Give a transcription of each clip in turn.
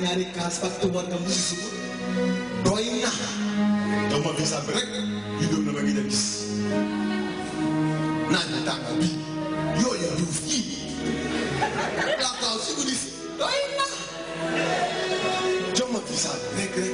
nyari kaspat tuan kamu disebut doina kamu bisa brek hidup nama kita bis tak bi yo yo dufi lakau sih gue disi doina kamu bisa brek brek eh.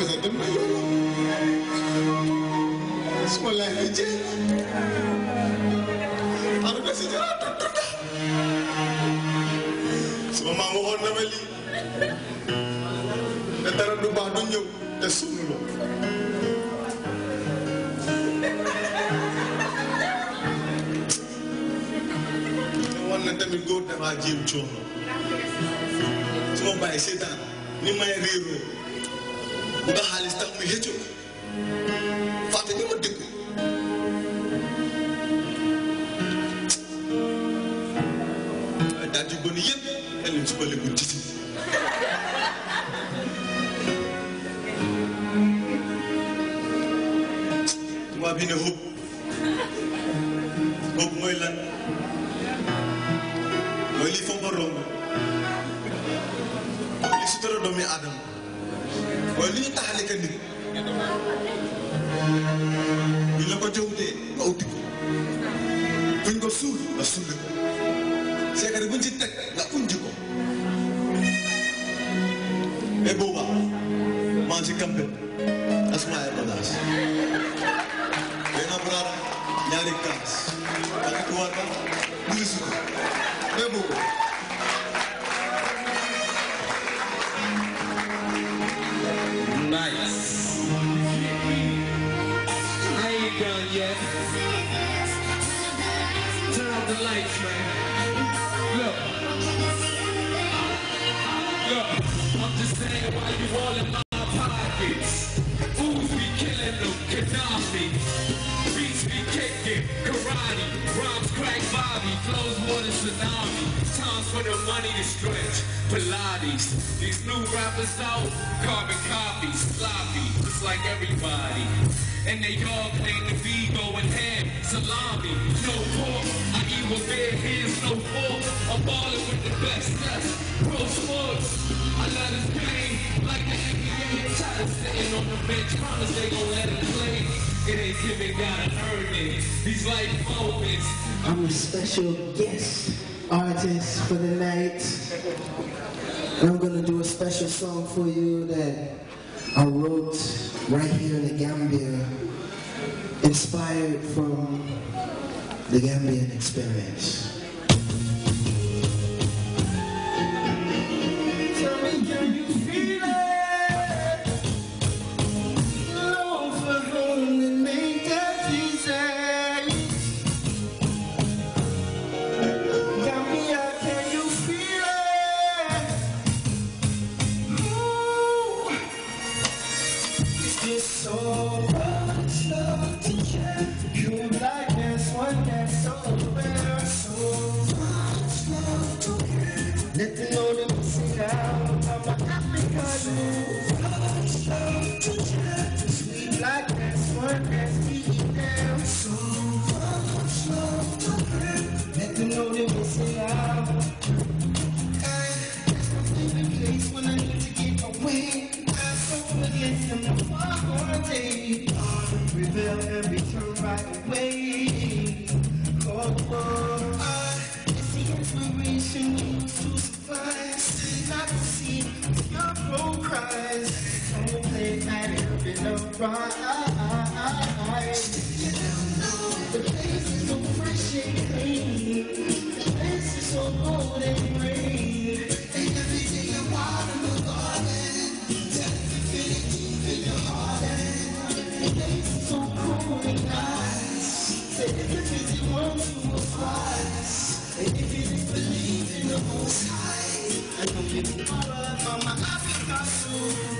Kızladım diyor. Bismillah diyecek. Arkası cana tutturdu. na ma lii. te dara du baax du ñëw te sunu la. te tamit góor dafa jéem coono. su ma bàyyi ni may réeroo. nga xaalis tax muy xëccoo fàtte ñu ma dëkku daal di bon yëpp bu titi tubaab bi ne xub boobu mooy lan mooy lii fomba romb li sutura doomi aadama mooy li ñu taxale la ko jowtee nga utti ko buñ ko suul nga sulli ko seekari buñ ci teg nga unji e booba maa ci asmaa ya bagaas benn braat kaas ak tuwaata ñu suko e booba yet. Turn off the lights, man. Look. Look, I'm just saying why you all in my pockets. Fools be killing them, Gaddafi. Beats be kicking, karate. Rhymes crack Bobby, flows more than tsunami. Time for the money to stretch. Pilates. These new rappers out, carbon copies, sloppy, just like everybody. And they all claim to be going ham, salami, no pork. I eat with bare hands, no fork. I'm ballin' with the best, that's pro sports. I love this game, like the NBA. Tired of sitting on the bench, promise they gon' let it play. It ain't giving, gotta earn it. These life moments. I'm a special guest artist for the night. And I'm going to do a special song for you that I wrote right here in the Gambia, inspired from the Gambian experience. in The place is so fresh and clean. The place is so old and green. And you the garden. Just to deep in your heart. The place is so cool and nice. if you want And if you believe in the I my soul.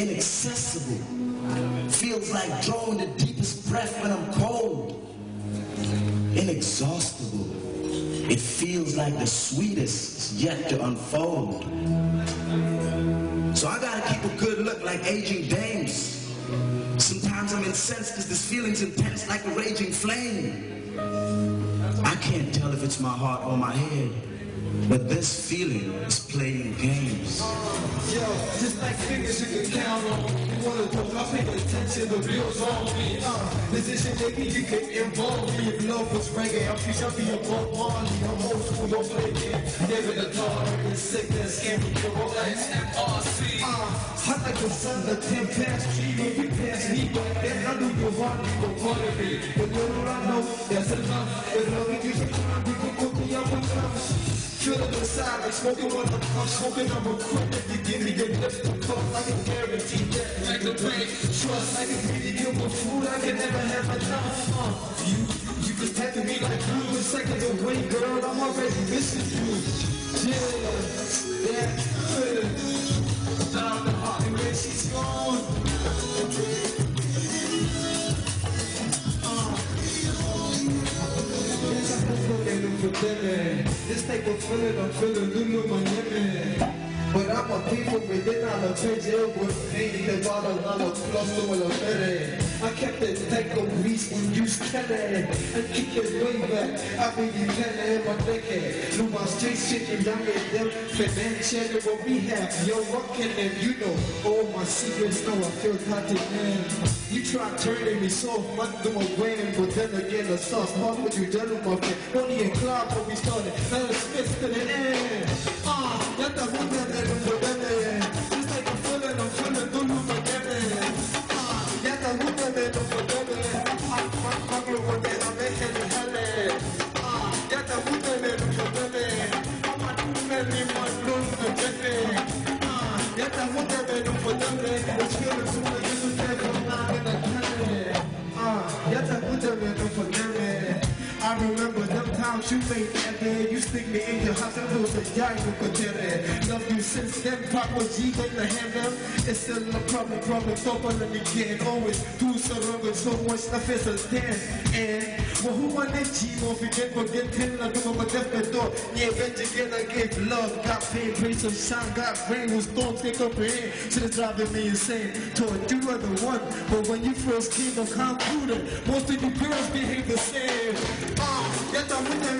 inaccessible. Feels like drawing the deepest breath when I'm cold. Inexhaustible. It feels like the sweetest yet to unfold. So I gotta keep a good look like aging dames. Sometimes I'm incensed cause this feeling's intense like a raging flame. I can't tell if it's my heart or my head. But this feeling is playing games. Yo, just like fingers you can count on. You wanna put I pay attention, the bills on me. Uh, decision making, you can involve me. If love was reggae, I'm be jumping will be a Bob I'm old school, don't play games. Never the dog, the sickness, can't be your Rolex, MRC. Uh, hot like the sun, the 10 past three, when you pass me but if I do you want me, but part of me. But little I know, that's enough. But love, you can try, you can cook me up with love. Feeling inside like smoking when I'm, I'm smoking, I'm equipped you give me the lift to fuck. I can guarantee that, like the brain, trust. I can feed you with food, I can never have enough. Uh, you, you just tap me like blue. It's second a way, girl, I'm already missing you. Yeah. take a feeling, I'm feeling new, new, my but I'm a people within a los ellos Need the bottle a los close to a los I kept it take a week when you can And keep it way back I be let on my naked Through my streets, shit and I get them Financial what we have you're rockin' and you know All my secrets know I feel content man You try turning me soft Man do a win but then again the sauce Hard what you done with my friend Bonnie and Clyde when we started Now the Smith to the end Ah, that's the one that Thank you you think, and then you stick me in your house and lose a yard for dinner. Love you since then, Papa G in the handle. It's still a problem, problem, trouble me again. Always too surrounded, so much stuff is a dance. And well, who want that G? Won't forget, forget, I do my deathbed door. Yeah, when again, I gave love, got pain, praise of shine, got rain, was storms, can up comprehend. Should have driving me insane. Told you are the one, but when you first came, I'm concluded. Most of you girls behave the same. Uh, yes, I'm with them.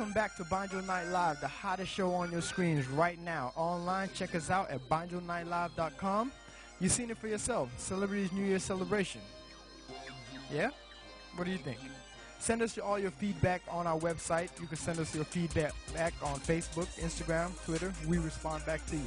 Welcome back to Banjo Night Live, the hottest show on your screens right now. Online, check us out at banjonightlive.com. You've seen it for yourself. Celebrities New Year celebration. Yeah? What do you think? Send us all your feedback on our website. You can send us your feedback back on Facebook, Instagram, Twitter. We respond back to you.